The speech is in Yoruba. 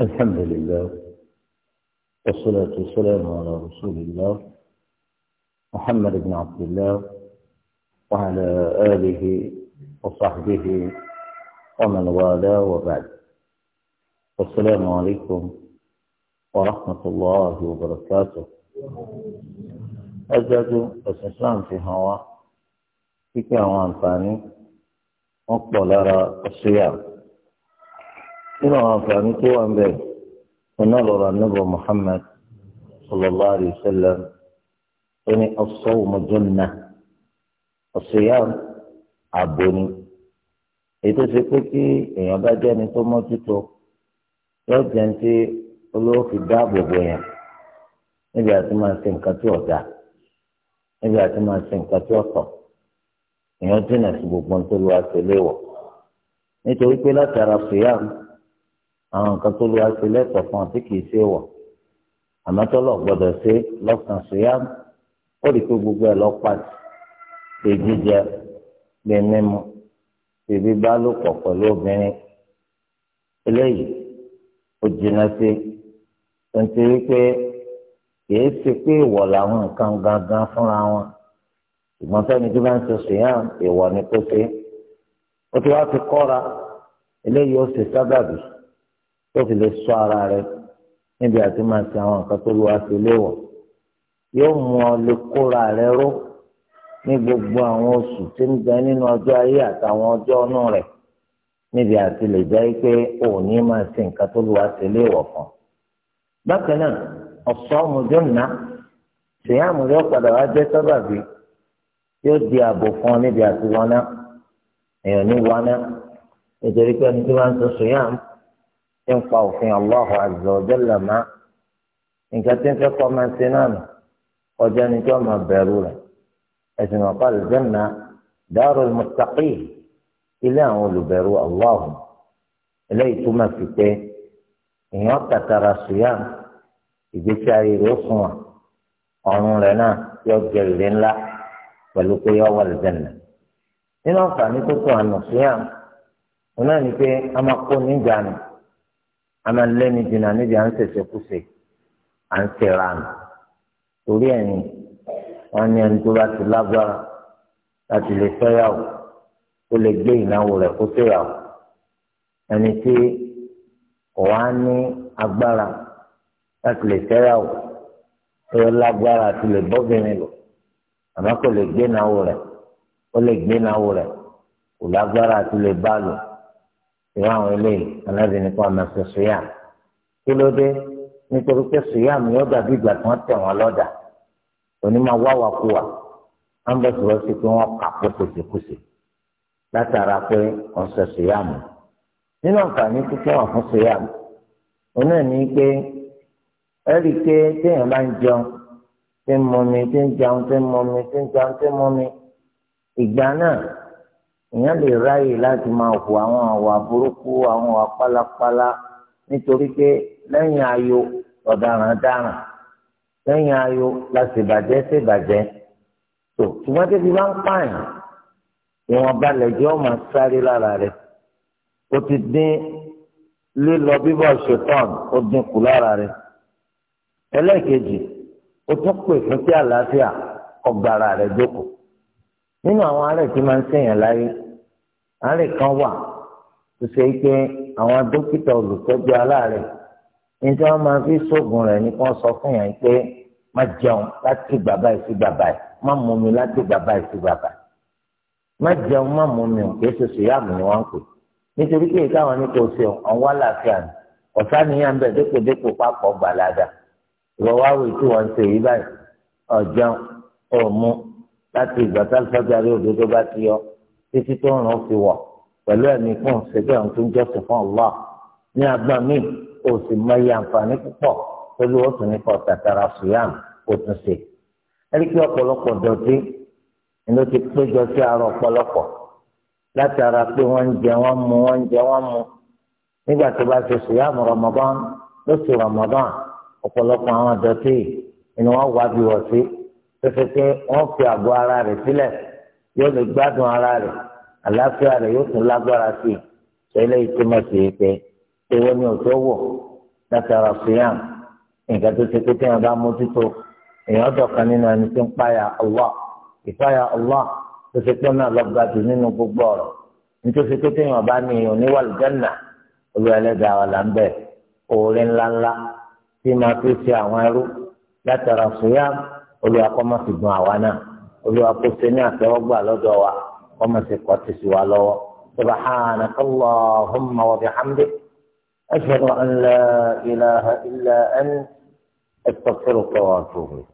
الحمد لله والصلاة والسلام على رسول الله محمد بن عبد الله وعلى آله وصحبه ومن والاه وبعد السلام عليكم ورحمة الله وبركاته أجد أساسان في هواء في كوان ثاني أقبل الصيام nínú àwọn àǹfààní tó wà ń bẹ̀ iná lọ́rọ̀ anábọ̀ Muhammad sallallahu alayhi wa sallam ó ní as-sawmu junnah as-siyam ààbò ni èyí tó ṣe pé kí èèyàn bá jẹ́ ẹni tó mọ́tútù yóò jẹ́ ní tí olówó fi dáàbò bò yẹn níbi àti máa ṣe nǹkan tí ọ̀dà níbi àti máa ṣe nǹkan tí ọ̀tọ̀ èèyàn jìnnà sí gbogbo ohun tó lọ́wọ́ àtẹlẹ́wọ̀ nítorí pé látara siyam àwọn nǹkan tó lè wá sí lẹ́tọ̀ọ́ fún ọ tí kìí ṣe wọ̀ àmọ́ tọ́lọ̀ gbọ́dọ̀ ṣe lọ́sàn-án ṣòyá ó rí i pé gbogbo ẹ̀ lọ pàtì ṣe jíjẹ ṣe mímu ṣe bíbá lò pọ̀ pẹ̀lú obìnrin eléyìí ó jìnnà sí nítorí pé kìí ṣe pé ìwọ̀ làwọn nǹkan gangan fúnra wọn ìgbọ́n sẹ́ni tó bá ń ṣe ṣòyá ìwọ̀ ni kó ṣe ó ti wá fi kọ́ra eléyìí ó ṣe sábàbí tó fi lè sọ ara rẹ níbi àti máa ti àwọn nǹkan tó lu àti léwọ̀ yóò mú ọ lè kóra rẹ ró ní gbogbo àwọn oṣù tí ń bẹ nínú ọjọ́ ayé àtàwọn ọjọ́ ọ̀nà rẹ̀ níbi àti lè jẹ́ pé òní máa ṣe nǹkan tó lu àti léwọ̀ kan. bákan náà ọ̀sán ọmọdéǹnà ṣèyàmù yóò padà wá jẹ́ sábàbí yóò di ààbò fún ọ níbi àti wọná èèyàn ní wọná nítorí pé ẹni tí wọ́n ń sọ ṣèyàmù tí ń pa òfin Allahu Azza wa Jalla má nǹkan tí ń fẹ́ kọ́ máa ń ṣe náà nù ọjọ́ ni tí wọ́n máa bẹ̀rù rẹ̀ ẹ̀sìn ọ̀pá àlùjẹ́nà Darul Muttaqin ilé àwọn olùbẹ̀rù Allahu eléyìí túmọ̀ sí pé èèyàn kàtàrà sùúyà ìgbésí ayé rẹ̀ fún wa ọ̀run rẹ̀ náà yọ jẹ ìrè ńlá pẹ̀lú pé yọ wà àlùjẹ́nà nínú àǹfààní tó tó àná sùúyà wọn náà ní pé a máa kó níjànú a máa lẹ́ni níbi à ń ṣẹ̀ṣẹ̀ kúṣe à ń ṣẹ̀ra nù torí ẹ̀ ni wọ́n ní ẹni tó bá ti lágbára láti lè fẹ́yàwó kó lè gbé ìnáwó rẹ̀ kó ṣèyàwó ẹni tí kò wá ní agbára láti lè fẹ́yàwó ó yọ lágbára àti lè bọ́bìnrin lò àmọ́ kò lè gbé ìnáwó rẹ̀ ó lè gbé ìnáwó rẹ̀ kò lágbára àti lè bá lò. ìwà àwọn eléyìí anábì nípa ọ̀nà ṣe sùyàm kí ló dé nítorí pé sùyàm yóò dàbí ìgbà tí wọ́n tẹ̀ wọ́n lọ́dà onímọ̀ wáwàkuwà wọ́n bẹ̀ sọ̀rọ̀ sí pé wọ́n kà pé kùsìkùsì látara pé ṣe nínú àǹfààní fún pé pé téèyàn bá ń jẹun tí ń mọmi tí ń jẹun tí ń mọmi tí ń jẹun tí ń mọmi ìgbà èèyàn lè ráyè láti máa hu àwọn àwà burúkú àwọn àwà pálapàla nítorí pé lẹ́yìn ayọ̀ ọ̀daràn dáràn lẹ́yìn ayọ̀ la ṣèbàjẹ́ ṣèbàjẹ́ tó ṣùgbọ́n tẹ́bi bá ń pààyàn ìwọ̀nba lẹ́jọ́ máa sáré lára rẹ̀ ó ti dín lílọ bíbọ̀ ṣetán ó dínkù lára rẹ̀ ẹlẹ́ẹ̀kejì ó tún pè fún sí àlàáfíà ọgbàrà rẹ̀ jókòó nínú àwọn ará ìtí máa ń ṣèyàn láyé àárẹ̀ kan wà tó ṣe pé àwọn dókítà olùtọ́jú aláàárẹ̀ ní tí wọ́n máa fi ṣoògùn rẹ̀ ní kí wọ́n sọ fún yàn pé má jẹun láti bàbá yìí sí bàbá yìí má mumi láti bàbá yìí sí bàbá yìí má jẹun má mumi kì í ṣe sùyàmù ni wọ́n ń pè nítorí pé ìtàwọn ní kò ṣe ọ̀n wá láàfin àná ọ̀sá nìyàn bẹ̀ dépòdépò papọ̀ gbàládà ìwọ wá wò tí wọ́n ń ṣe yìí báyìí ọ̀jẹun ọ̀mú láti ìgbà tá títí tó ràn ó fi wọ̀ pẹ̀lú ẹ̀mí fún ṣẹjọ́ tó ń jọ́sìn fún Allah ní agbọ́n mi ò sì mọ iye àǹfààní púpọ̀ pẹ̀lú ó tún nípa tàtàrà suyam ó tún ṣe. ẹni pé ọ̀pọ̀lọpọ̀ dọ̀tí inú ti péjọ sí ara ọ̀pọ̀lọpọ̀ látara pé wọ́n ń jẹ wọ́n mu wọ́n ń jẹ wọ́n mu nígbà tó bá ṣe suyam Ramadan lóṣù Ramadan ọ̀pọ̀lọpọ̀ àwọn dọ̀tí inú wọn wá bí wọ̀ sí pé pé wọ́n fi àgọ́ ara rẹ̀ sílẹ̀ yóò lè gbádùn ara rẹ̀ àlàáfíà rẹ̀ yóò tún lágbára sí i tẹ́lẹ̀ ìtumọ̀ sí i pé ewé ni ò tó wọ̀ látara fìyàm nǹkan tó ṣe pé téèyàn bá mójútó èèyàn dọ̀kan nínú ẹni tó ń páyà Allah ìpáyà Allah tó ṣe pé náà lọ́gbà jù nínú gbogbo ọ̀rọ̀ nítorí pé téèyàn bá ní èèyàn ní wàlùjẹ́nà olùwẹ̀lẹ́dà wà ń bẹ̀ òòrè ńláńlá tí máa fi ṣe àwọn ẹrú látara fìyàm olùwàkọ́ máa fi gun àwa náà olúwa kó ṣe ní àtẹ́wọ́gbà lọ́dọ̀ wa wọ́n mọ̀ sí kọ́ tẹ̀sí wa lọ́wọ́ subhanaka allahumma wa bihamdik ashhadu an la ilaha illa anta astaghfiruka wa atubu ilayk.